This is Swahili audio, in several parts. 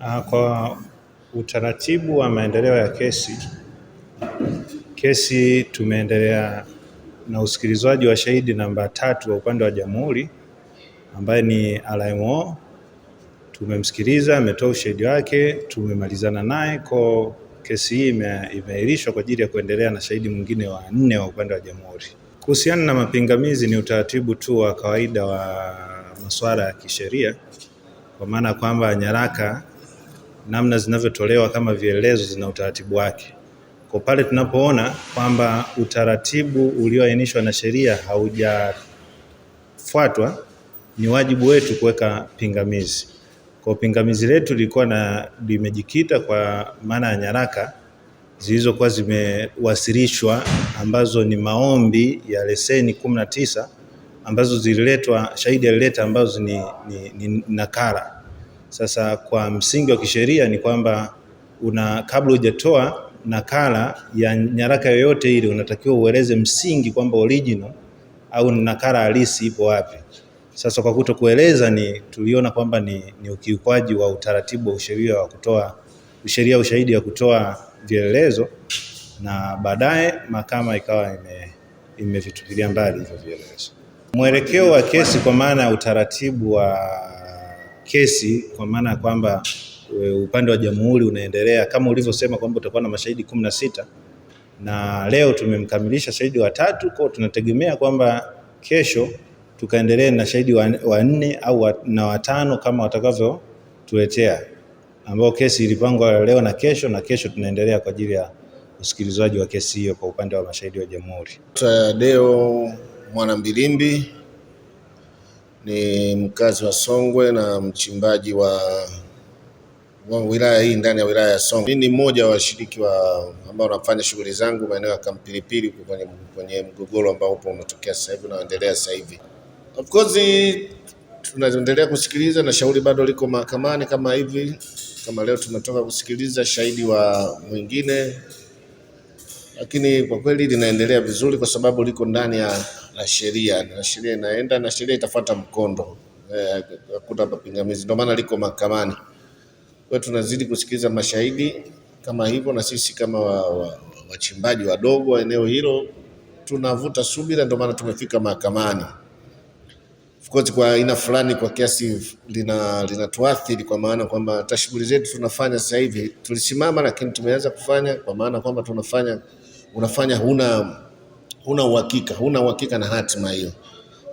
Ah, kwa utaratibu wa maendeleo ya kesi, kesi tumeendelea na usikilizwaji wa shahidi namba tatu wa upande wa jamhuri ambaye ni RMO. Tumemsikiliza, ametoa ushahidi wake, tumemalizana naye kwa kesi hii imeahirishwa kwa ajili ya kuendelea na shahidi mwingine wa nne wa upande wa jamhuri. Kuhusiana na mapingamizi, ni utaratibu tu wa kawaida wa masuala ya kisheria, kwa maana kwamba nyaraka namna zinavyotolewa kama vielezo zina utaratibu wake. Kwa pale tunapoona kwamba utaratibu ulioainishwa na sheria haujafuatwa, ni wajibu wetu kuweka pingamizi. Kwa pingamizi letu lilikuwa na limejikita kwa maana ya nyaraka zilizokuwa zimewasilishwa ambazo ni maombi ya leseni kumi na tisa ambazo zililetwa, shahidi alileta ambazo ni, ni, ni nakala sasa kwa msingi wa kisheria ni kwamba una kabla hujatoa nakala ya nyaraka yoyote ile, unatakiwa ueleze msingi kwamba original au nakala halisi ipo wapi. Sasa kwa kutokueleza ni tuliona kwamba ni, ni ukiukwaji wa utaratibu wa usheria wa kutoa sheria ushahidi ya kutoa vielelezo, na baadaye mahakama ikawa imevitupilia ime mbali hivyo vielelezo. Mwelekeo wa kesi kwa maana ya utaratibu wa kesi kwa maana ya kwamba e, upande wa jamhuri unaendelea kama ulivyosema kwamba utakuwa na mashahidi kumi na sita na leo tumemkamilisha shahidi watatu, kwa tunategemea kwamba kesho tukaendelee na shahidi wanne au na watano kama watakavyotuletea, ambao kesi ilipangwa leo na kesho, na kesho tunaendelea kwa ajili ya usikilizaji wa kesi hiyo kwa upande wa mashahidi wa jamhuri. Tadeo Mwanambilimbi ni mkazi wa Songwe na mchimbaji wa, wa wilaya hii ndani ya wilaya ya Songwe. Mimi ni mmoja wa washiriki wa ambao nafanya shughuli zangu maeneo ya Kampilipili kwenye, kwenye mgogoro ambao upo umetokea sasa hivi unaendelea sasa hivi. Of course tunaendelea kusikiliza na shauri bado liko mahakamani kama hivi kama leo tumetoka kusikiliza shahidi wa mwingine lakini kwa kweli linaendelea vizuri kwa sababu liko ndani ya na sheria na sheria inaenda na sheria itafuata mkondo, eh, hakuna eh, mapingamizi. Ndio maana liko mahakamani, kwa tunazidi kusikiliza mashahidi kama hivyo, na sisi kama wachimbaji wa, wa wadogo wa eneo hilo tunavuta subira, ndio maana tumefika mahakamani. Of course kwa aina fulani kwa kiasi lina linatuathiri kwa maana kwamba hata shughuli zetu tunafanya sasa hivi tulisimama, lakini tumeanza kufanya kwa maana kwamba tunafanya unafanya huna huna uhakika, huna uhakika na hatima hiyo.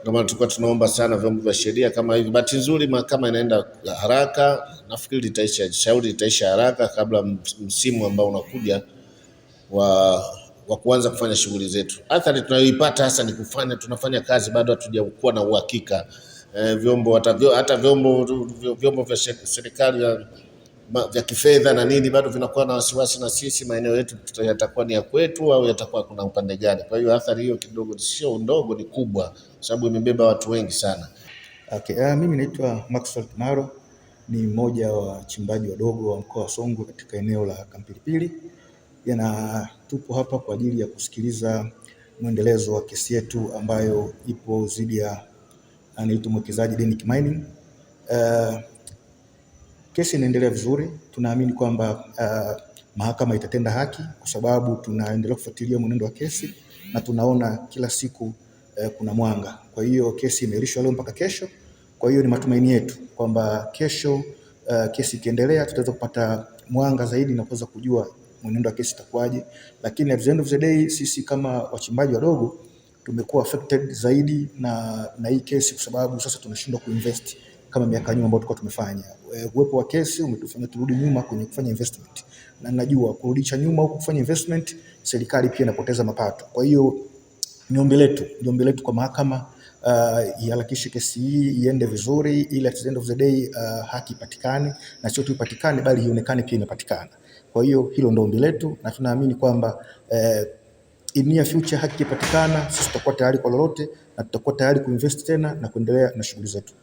Ndio maana tulikuwa tunaomba sana vyombo vya sheria kama hivi. Bahati nzuri mahakama inaenda haraka, nafikiri litaisha shauri litaisha haraka kabla msimu ambao unakuja wa wa kuanza kufanya shughuli zetu. Athari tunayoipata hasa ni kufanya tunafanya kazi bado hatujakuwa na uhakika. E, vyombo hata vyombo, vyombo vya serikali vya kifedha na nini bado vinakuwa na wasiwasi na sisi, maeneo yetu yatakuwa ni ya kwetu au yatakuwa kuna upande gani? Kwa hiyo athari hiyo kidogo sio ndogo, ni kubwa, sababu imebeba watu wengi sana. Okay. Uh, mimi naitwa Maxwell Kimaro ni mmoja wa wachimbaji wadogo wa mkoa wa Songwe katika eneo la Kampilipili, yana tupo hapa kwa ajili ya kusikiliza mwendelezo wa kesi yetu ambayo ipo dhidi ya anaitwa mwekezaji Denick Mining uh, ah, Kesi inaendelea vizuri, tunaamini kwamba uh, mahakama itatenda haki kwa sababu tunaendelea kufuatilia mwenendo wa kesi na tunaona kila siku uh, kuna mwanga. Kwa hiyo kesi imeahirishwa leo mpaka kesho. Kwa hiyo ni matumaini yetu kwamba kesho uh, kesi ikiendelea tutaweza kupata mwanga zaidi na kuweza kujua mwenendo wa kesi itakuwaje, lakini at the end of the day sisi kama wachimbaji wadogo tumekuwa affected zaidi na, na hii kesi kwa sababu sasa tunashindwa kuinvest kama miaka nyuma ambayo tulikuwa tumefanya. E, uwepo wa kesi umetufanya turudi nyuma kwenye kufanya investment, na najua kurudisha nyuma huko kufanya investment, serikali pia inapoteza mapato. Kwa hiyo ni ombi letu, ni ombi letu kwa mahakama Uh, iharakishe kesi hii iende vizuri, ili at the end of the day uh, haki ipatikane, na sio tu ipatikane, bali ionekane pia imepatikana. Kwa hiyo hilo ndio ombi letu, na tunaamini kwamba uh, in near future haki ipatikana, sisi tutakuwa tayari kwa lolote na tutakuwa tayari kuinvest tena na kuendelea na shughuli zetu.